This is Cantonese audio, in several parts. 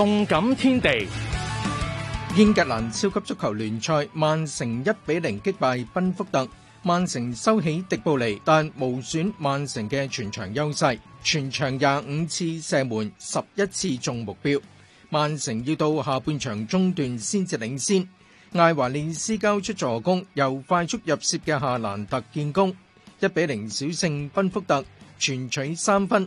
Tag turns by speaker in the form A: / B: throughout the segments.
A: 動感天地，英格蘭超級足球聯賽，曼城一比零擊敗賓福特。曼城收起迪布尼，但無損曼城嘅全場優勢。全場廿五次射門，十一次中目標。曼城要到下半場中段先至領先。艾華利斯交出助攻，由快速入楔嘅夏蘭特建功，一比零小勝賓福特，全取三分。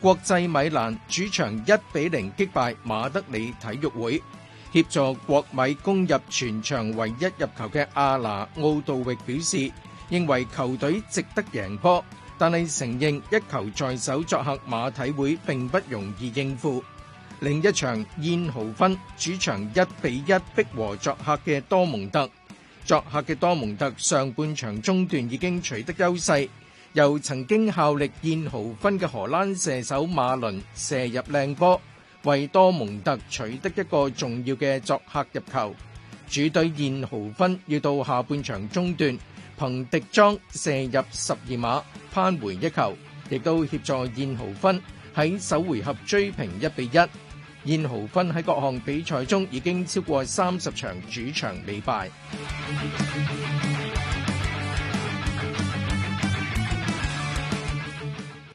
A: 國際米蘭主場一比零擊敗馬德里體育會,協助國米攻入全場唯一入球嘅阿拿奧杜域表示,認為球隊值得贏波,但係承認一球在手作客馬體會並不容易應付。另一場燕豪芬主場一比一逼和作客嘅多蒙特,作客嘅多蒙特上半場中段已經取得優勢,由曾經效力燕豪芬嘅荷蘭射手馬倫射入靚波，為多蒙特取得一個重要嘅作客入球。主隊燕豪芬要到下半場中段，彭迪莊射入十二碼，扳回一球，亦都協助燕豪芬喺首回合追平一比一。燕豪芬喺各項比賽中已經超過三十場主場未敗。